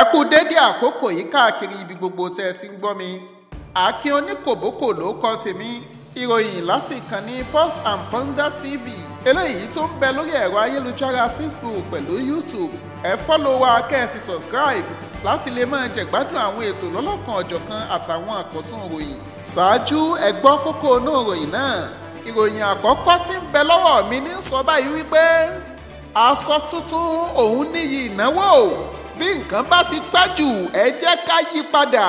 ẹ kú dédé àkókò yìí káàkiri ibi gbogbo tẹ́ ẹ ti ń gbọ́ mi Akin Oníkòbókò ló kọ́ tèmi ìròyìn láti ìkànnì Pulse and Ponders TV eléyìí tó ń bẹ lórí ẹ̀rọ ayélujára Facebook pẹ̀lú YouTube ẹ fọ́lọ̀ wa kẹ́ẹ̀sì subscribe láti lè máa jẹ̀gbádùn àwọn ètò lọ́lọ́kan ọ̀jọ̀kan àtàwọn àkọ́tún ìròyìn ṣáájú ẹ gbọ́ kókó inú ìròyìn náà ìròyìn àkọ́kọ́ tí ń bẹ lọ́wọ́ mi ní sọ báyìí wípé aṣọ tuntun òun níyì ìnáwó bí nǹkan bá ti pẹ́ jù ẹ jẹ́ ká yí padà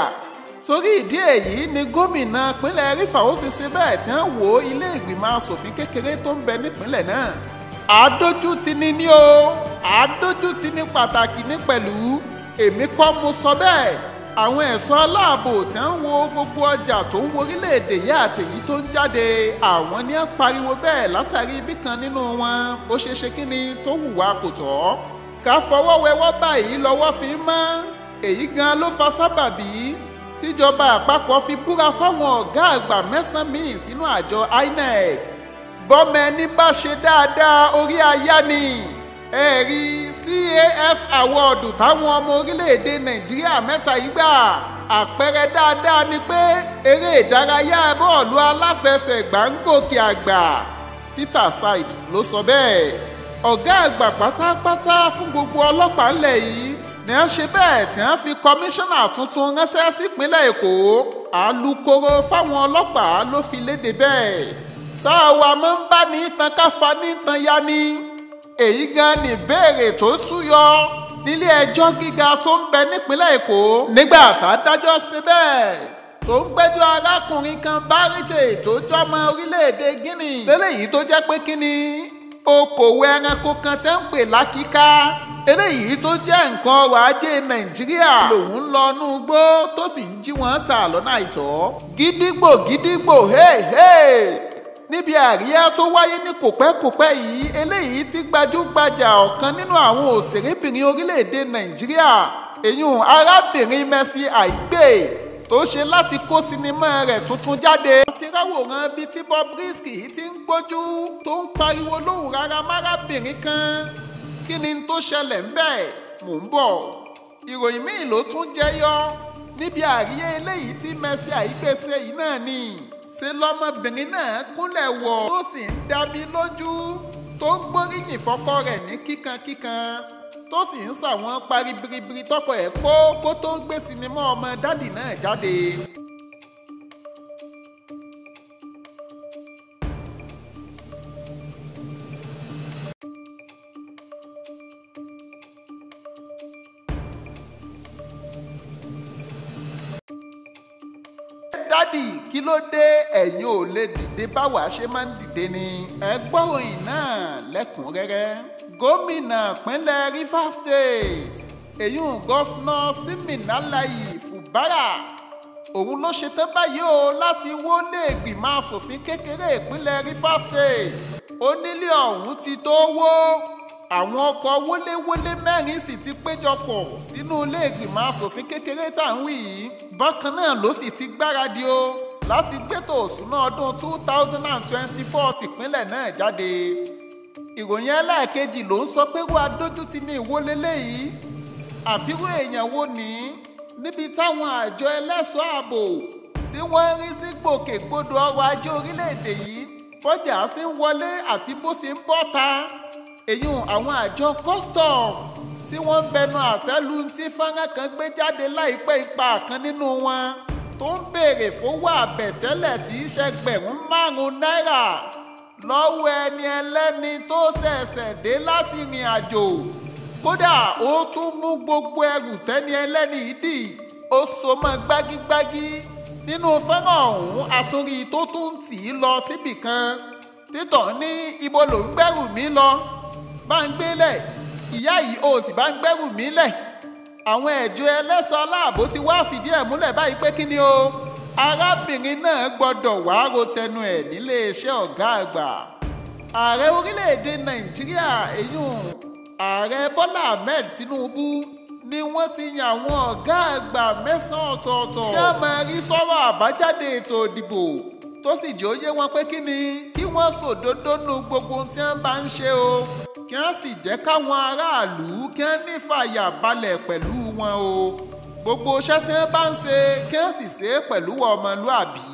torí ìdí èyí ni gómìnà pínlẹ̀ rífà ó ṣe ṣe bẹ́ẹ̀ tí wọ́n wo ilé ìgbìmọ̀ asòfin kékeré tó ń bẹ nípínlẹ̀ náà àádójútì ni o àádójútì ni pàtàkì ní pẹ̀lú èmi kọ́ mo sọ bẹ́ẹ̀ àwọn ẹ̀ṣọ́ aláàbò tí wọ́n wo gbogbo ọjà tó ń wo orílẹ̀-èdè yìí àti èyí tó ń jáde àwọn ni wọ́n pariwo bẹ́ẹ̀ látàrí ibì nínú wọn bó ṣe ṣe kí tó hùwà kò tọ́ ká fọwọ́ wẹwọ́ báyìí lọ́wọ́ fi mọ́ èyí gan ló fa sábàbí tíjọba àpapọ̀ fi búra fáwọn ọ̀gá àgbà mẹ́sàn-án míì sínú àjọ INEC bọ́mọ ẹni bá ṣe dáadáa orí aya ni ẹ̀rí CAF awọ́ọ̀dù táwọn ọmọ orílẹ̀-èdè Nàìjíríà mẹ́ta yìí gbà àpẹẹrẹ dáadáa ni pé eré ìdárayá bọ́ọ̀lù aláfẹsẹ̀gbá ń gòkè àgbà Peter Said ló sọ bẹ́ẹ̀ ọ̀gá àgbà pátápátá fún gbogbo ọlọ́pàá ńlẹ̀ yìí ni wọ́n ṣe bẹ́ẹ̀ tí wọ́n fi kọmíṣánná tuntun ránṣẹ́ sípínlẹ̀ èkó alūkkóró fáwọn ọlọ́pàá ló fi léde bẹ́ẹ̀ sáà wa máa ń bá ní tan káfa ní tan ya ni èyí gan ni ìbéèrè tó súyọ nílé ẹjọ́ gíga tó ń bẹ nípínlẹ̀ èkó nígbà tá sí bẹ́ẹ̀ tó ń gbẹ́jọ́ arákùnrin kan Bárítè tó jọmọ orílẹ̀-èdè Guinea lélẹ́yìí tó jẹ́ pé kínní okòwò ẹranko kan tẹ́ ń pè lákìíká eléyìí tó jẹ́ nǹkan ọrọ̀ ajé nàìjíríà lòun ń lọ inú igbó tó sì ń jí wọn tà lọ́nà àìtọ́ gídígbò gídígbò héèhéè níbi àríyá tó wáyé ní kòpẹ́kòpẹ́ yìí eléyìí tí gbajúgbajà ọ̀kan nínú àwọn òṣèrébìnrin orílẹ̀-èdè nàìjíríà èyún arábìnrin Mercy Aigbe tó ṣe láti kó sinimá rẹ̀ tuntun jáde. wọ́n ti ráwòrán bíi tí Bobrisky ti ń gbójú tó ń pariwo lóhùn rárá márábìnrin kan kí ni tó ṣẹlẹ̀ ń bẹ̀ mò ń bọ̀. ìròyìn míì ló tún jẹyọ níbi àríyé eléyìí tí Mercy Aigbe ṣe yìí náà ni ṣe lọ́mọbìnrin náà kúnlẹ̀ wọ̀ tó sì ń dá lójú tó ń gbóríyìn fọ́kọ rẹ̀ ní kíkankíkan tó sì ń sà wọ́n parí biribiri tọkọ ẹ̀ kó kó tó gbé sinimá ọmọ dádì náà jáde. dádì kí ló dé ẹ̀yin ò lè dìde báwa ṣe máa ń dìde ni ẹ gbọ́ òyìn náà lẹ́kùnrẹ́rẹ́ gómìnà ìpínlẹ̀ Rivers State èyún gọ́fúnà Siminalayi Fubara òun ló ṣetán báyìí o láti wọlé ìgbìmọ̀ asòfin kékeré ìpínlẹ̀ Rivers State onílé ọ̀hún ti tó wó àwọn ọkọ̀ wọléwọlé mẹ́rin sì ti péjọpọ̀ sínú ilé ìgbìmọ̀ asòfin kékeré tá à ń wí yìí bákan náà ló sì ti gbáradì o láti gbétò òṣùnà ọdún two thousand and twenty-four tìpínlẹ̀ náà jáde ìròyìn aláàkejì ló ń sọ pé wọ́n adójútì ní ìwọlé léyìí àbírò èèyàn wo ní níbi táwọn àjọ ẹlẹ́ṣọ́ ààbò tí wọ́n ń rí sí gbòkègbodò ọrọ̀ ajé orílẹ̀-èdè yìí bọ́jà sí ń wọlé àti bó ṣe ń bọ́ ta èyún àwọn àjọ custom tí wọ́n ń bẹnu àtẹ́lu tí fọ́nrán kan gbé jáde láìpẹ́ ipa kan nínú wọn tó ń béèrè fowó àbẹ̀tẹ́lẹ̀ tí í ṣẹgbẹ̀rún márùn-ún náírà lọ́wọ́ ẹni ẹlẹ́ni tó ṣẹ̀ṣẹ̀ dé láti rìn àjò kódà ó tún mú gbogbo ẹrù tẹ́ni ẹlẹ́ni ìdì ó so mọ́ gbágígbágí nínú fẹ́ràn ọ̀hún àtúnrí tó tún tì í lọ síbì kan títọ̀ ní ibo ló ń gbẹ́rù mi lọ bá ń gbélẹ̀ ìyá yìí o sì bá ń gbẹ́rù mi lẹ̀ àwọn ẹ̀jọ́ ẹlẹ́sọ aláàbò ti wá fìdí ẹ̀ múlẹ̀ báyìí pé kí ni o arábìnrin náà gbọ́dọ̀ wá ro tẹnu ẹ̀ nílé iṣẹ́ ọ̀gá àgbà ààrẹ orílẹ̀-èdè nàìjíríà eyín ààrẹ bọ́lá ahmed tinubu ni wọ́n ti yan àwọn ọ̀gá àgbà mẹ́sàn-án ọ̀tọ̀ọ̀tọ̀ tí a máa rí sọ́rọ̀ àbájáde ètò ìdìbò tó sì jẹ́ ó wọn pé kí ni kí wọ́n sòdodo nu gbogbo tí wọ́n bá ń ṣe o kí wọ́n sì jẹ́ káwọn aráàlú kí wọ́n nífàyà balẹ̀ pẹ̀lú wọn o gbogbo iṣẹ́ tí wọ́n bá ń ṣe kí wọ́n sì ṣe é pẹ̀lú ọmọlúàbí.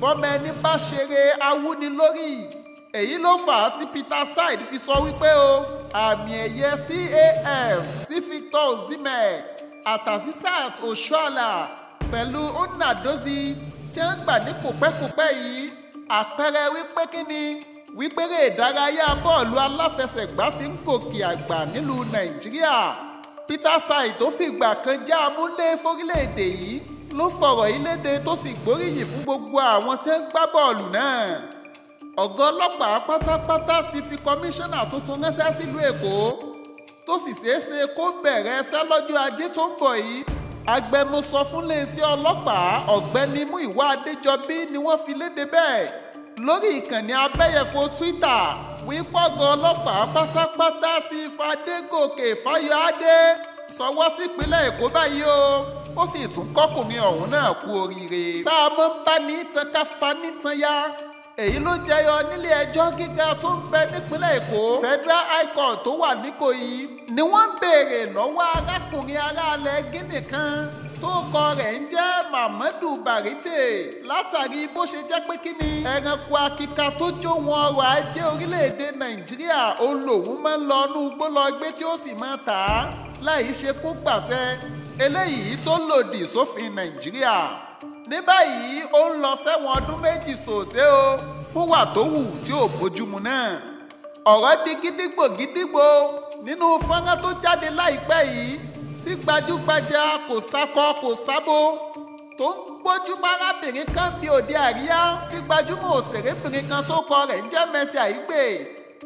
bọ́mọ ẹni bá ṣeré awúni lórí èyí ló fà á tí Peter Side fi sọ wípé o àmì ẹ̀yẹ CAF tí Victor Osimhen àtàsísàt Oshoala pẹ̀lú Nnadozie tí wọ́n gbà ní kòpẹ́kòpẹ́ yìí àpẹẹrẹ wípé kí ni wípé eré ìdárayá bọ́ọ̀lù aláfẹsẹ̀gbá ti ń gòkè àgbà nílùú nàìjíríà peter sai tó fìgbà kan jẹ́ amúlé fórílẹ̀-èdè yìí ló fọ̀rọ̀ yìí léde tó sì gbóríyìn fún gbogbo àwọn tí ń gbá bọ́ọ̀lù náà ọ̀gá ọlọ́pàá pátápátá ti fi kọmíṣánná tuntun ránṣẹ́ sílùú èkó tó sì ṣeé ṣe kó bẹ̀rẹ̀ ẹsẹ́ lọ́jọ́ ajé tó ń bọ̀ yìí agbẹnusọ fún iléeṣẹ́ ọlọ́pàá ọ̀gbẹ́ni Múyìwá Adéjọbí ni wọ́n fi léde bẹ́ẹ̀ lórí ìkànnì abẹ́yẹ̀fọ́ Twitter wípọ́gọ́ ọlọ́pàá pátápátá ti Fadégòkè Fáyọ̀adé sọwọ́ sípínlẹ̀ Èkó báyìí o ó sì tún kọ́kùnrin ọ̀hún náà kú oríire. sáà ń bá ní tan ká fa nítan ya èyí ló jẹyọ nílé ẹjọ́ gíga tó ń bẹ nípínlẹ̀ Èkó Federal High Court tó wà níkòyí ni wọ́n ń béèrè lọ́wọ́ ara arákùnrin aráalẹ̀ Guinea kan tókọ rẹ̀ ń jẹ́ Mamadu Barite látàrí bó ṣe jẹ́ pé kí ni ẹranko akíka tó jó wọn ọrọ̀ ajé orílẹ̀-èdè Nàìjíríà olówó máa ń lọ inú igbó lọ gbé tí ó sì máa tà á láì ṣe kó pàṣẹ eléyìí tó lòdì sófin Nàìjíríà ní báyìí ó ń lọ sẹ́wọ̀n ọdún méjì sòṣé o fúnwà tó hù tí ò bójúmu náà ọ̀rọ̀ di gídígbò gídígbò nínú fọ́nrán tó jáde láìpẹ́ yìí tí gbajúgbajà kò sákọ kò sábò tó ń gbójú márábìnrin kan bí òde àríyá tí gbajúmọ̀ òṣèrébìnrin kan tó kọ rẹ̀ ń jẹ́ Mercy Aigbe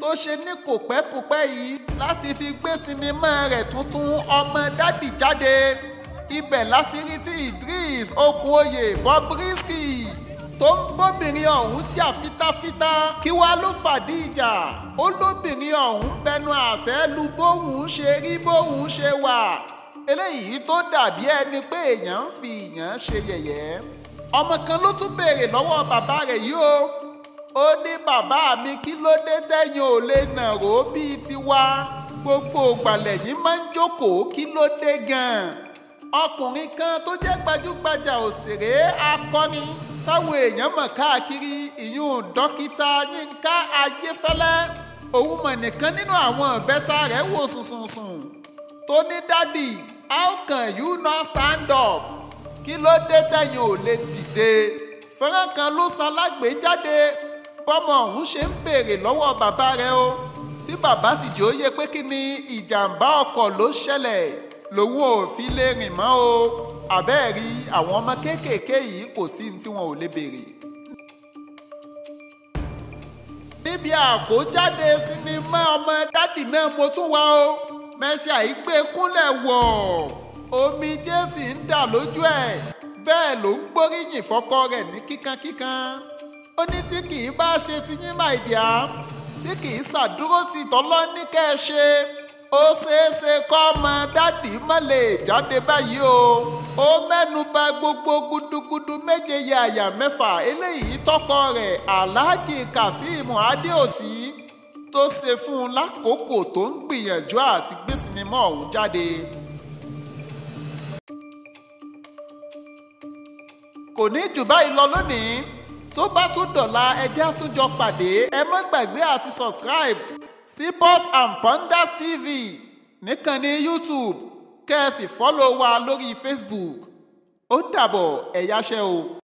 tó ṣe ní kòpẹ́kòpẹ́ yìí láti fi gbé sinimá rẹ̀ tuntun ọmọ dádì jáde ibẹ̀ láti rí tí Idris Okunwoye Bobrisky tó ń gbóbìnrin ọ̀hún jà fitafita kí wá ló fàdí ìjà ó lóbìnrin ọ̀hún bẹnu àtẹ́ lu bóun ṣe rí bóun ṣe wà eléyìí tó dàbí ẹni pé èèyàn ń fi èèyàn ṣe yẹ̀yẹ́ ọmọ kan ló tún béèrè lọ́wọ́ bàbá rẹ̀ yìí o ó ní bàbá mi kí ló dé tẹ́yìn ò lè nà ró bíi tiwa gbogbo ìgbàlẹ̀ yìí máa ń jókòó kí ló dé gan-an ọkùnrin kan tó jẹ́ gbajúgbajà òṣèré akọrin táwọn èèyàn mọ̀ káàkiri ìyún dókítà Yínká Ayéfẹ́lẹ́ òun mọ̀ nìkan nínú àwọn ìbẹ́ta rẹ̀ wò sùnsùnsùn tó ní dádì how can you not stand up? kí ló dé tẹ̀yin ò lè dìde? fẹ́ràn kan ló ṣalágbé jáde bọ́mọ ọ̀hún ṣe ń béèrè lọ́wọ́ bàbá rẹ̀ o tí bàbá sì jẹ́ òye pé kí ni ìjàmbá ọkọ̀ ló ṣẹlẹ̀ lòun ò fi lè rìn mọ́ o àbẹ́ẹ̀rí àwọn ọmọ kéékèèké yìí kò sí ní tí wọn ò lè béèrè. níbi àkójáde sinimá ọmọ dádì náà mo tún wá o mẹ́síà yìí gbé kúnlẹ̀ wọ̀ omi jésì ń dà lójú ẹ̀ bẹ́ẹ̀ ló ń gbóríyìn fọ́kọ rẹ̀ ní kíkankíkan ó ní tí kì í bá ṣe ti yín máa dìá tí kì í ṣàdúró ti tọ́lọ́ ní kẹ́ ẹ ṣe ó ṣeéṣe kọ́ ọmọ dádì mọ́ jáde báyìí o ó mẹ́nu bà gbogbo gudugudu méje yẹ àyà mẹ́fà eléyìí tọkọ rẹ̀ aláàjì kazeem adéòtí tó ṣe fún un lákòókò tó ń gbìyànjú àti gbé sinimá ọ̀hún jáde. kò ní jù báyìí lọ lónìí tó bá tún dọ̀la ẹ àtúnjọ pàdé ẹ má gbàgbé àti subscribe sí Buzz and Ponders TV níkànnì YouTube kẹ́ ẹ sì fọ́lọ̀ wa lórí Facebook ó dàbọ̀ ẹ̀yáṣẹ́ o.